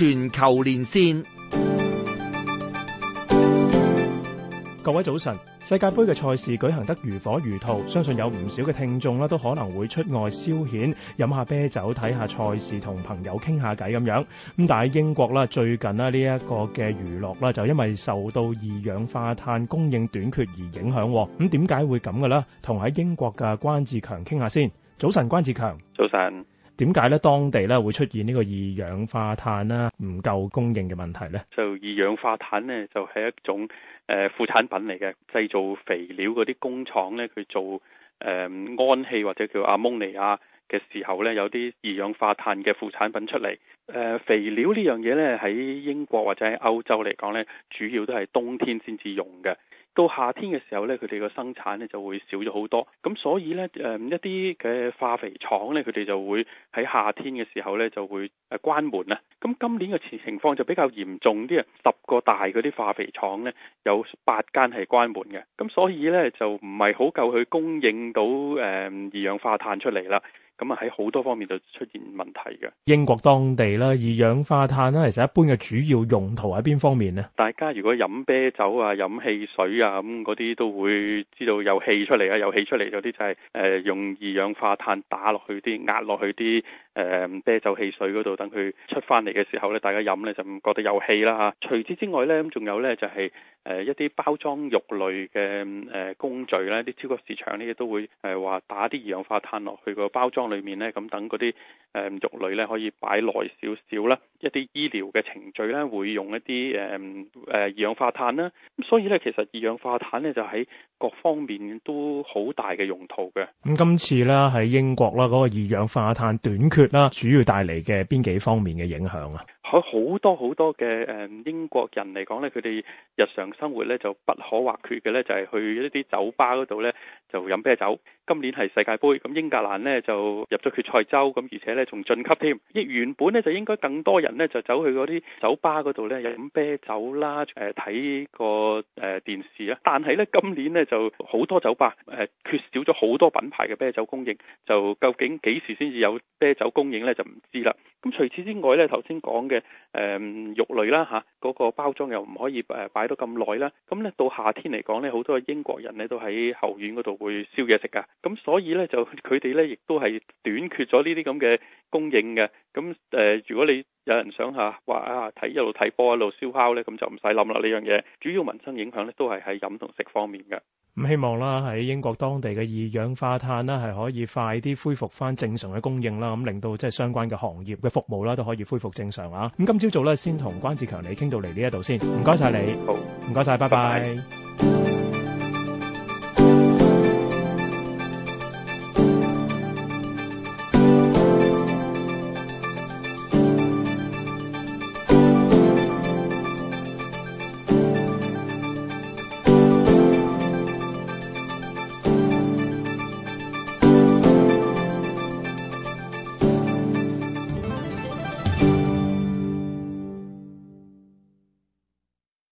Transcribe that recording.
全球連線，各位早晨！世界杯嘅賽事舉行得如火如荼，相信有唔少嘅聽眾咧都可能會出外消遣，飲下啤酒，睇下賽事，同朋友傾下偈咁樣。咁但係英國啦，最近啦呢一個嘅娛樂啦就因為受到二氧化碳供應短缺而影響。咁點解會咁嘅咧？同喺英國嘅關志強傾下先。早晨，關志強。早晨。點解咧，當地咧會出現呢個二氧化碳啦唔夠供應嘅問題呢？就二氧化碳呢，就係、是、一種誒、呃、副產品嚟嘅。製造肥料嗰啲工廠呢，佢做誒氨氣或者叫阿蒙尼 n 嘅時候呢，有啲二氧化碳嘅副產品出嚟。誒、呃、肥料呢樣嘢呢，喺英國或者喺歐洲嚟講呢，主要都係冬天先至用嘅。到夏天嘅時候呢，佢哋嘅生產呢就會少咗好多。咁所以呢，誒一啲嘅化肥廠呢，佢哋就會喺夏天嘅時候呢就會誒關門啊。咁今年嘅情情況就比較嚴重啲啊。十個大嗰啲化肥廠呢，有八間係關門嘅。咁所以呢，就唔係好夠去供應到誒、嗯、二氧化碳出嚟啦。咁啊喺好多方面就出現問題嘅。英國當地啦，二氧化碳呢，其實一般嘅主要用途喺邊方面呢？大家如果飲啤酒啊、飲汽水，啊咁嗰啲都會知道有氣出嚟啊，有氣出嚟有啲就係、是、誒、呃、用二氧化碳打落去啲壓落去啲。誒，啤酒汽水嗰度等佢出翻嚟嘅時候咧，大家飲咧就唔覺得有氣啦吓。除此之外咧，咁仲有咧就係誒一啲包裝肉類嘅誒工序咧，啲超級市場呢亦都會誒話打啲二氧化碳落去個包裝裏面咧，咁等嗰啲誒肉類咧可以擺耐少少啦。一啲醫療嘅程序咧，會用一啲誒誒二氧化碳啦。咁所以咧，其實二氧化碳咧就喺各方面都好大嘅用途嘅。咁今次啦，喺英國啦嗰個二氧化碳短缺啦，主要帶嚟嘅邊幾方面嘅影響啊？喺好多好多嘅誒英國人嚟講咧，佢哋日常生活咧就不可或缺嘅咧，就係去一啲酒吧嗰度咧就飲啤酒。今年係世界盃，咁英格蘭咧就入咗決賽周，咁而且呢，仲晉級添。原本呢，就應該更多人呢，就走去嗰啲酒吧嗰度咧飲啤酒啦，誒睇個誒電視啦。但係呢，今年呢，就好多酒吧誒缺少咗好多品牌嘅啤酒供應，就究竟幾時先至有啤酒供應呢？就唔知啦。咁除此之外呢，頭先講嘅。誒、嗯、肉類啦嚇，嗰、啊那個包裝又唔可以誒擺到咁耐啦。咁、啊、咧到夏天嚟講咧，好多英國人咧都喺後院嗰度會燒嘢食噶。咁、啊、所以咧就佢哋咧亦都係短缺咗呢啲咁嘅供應嘅。咁、啊、誒，如果你有人想下話啊，睇、啊、一路睇波一路燒烤咧，咁就唔使諗啦呢樣嘢。主要民生影響咧都係喺飲同食方面嘅。咁希望啦，喺英國當地嘅二氧化碳啦，係可以快啲恢復翻正常嘅供應啦，咁令到即係相關嘅行業嘅服務啦，都可以恢復正常啊！咁今朝早咧，先同關志強你傾到嚟，呢一度先，唔該晒，你，好，唔該晒，拜拜。拜拜。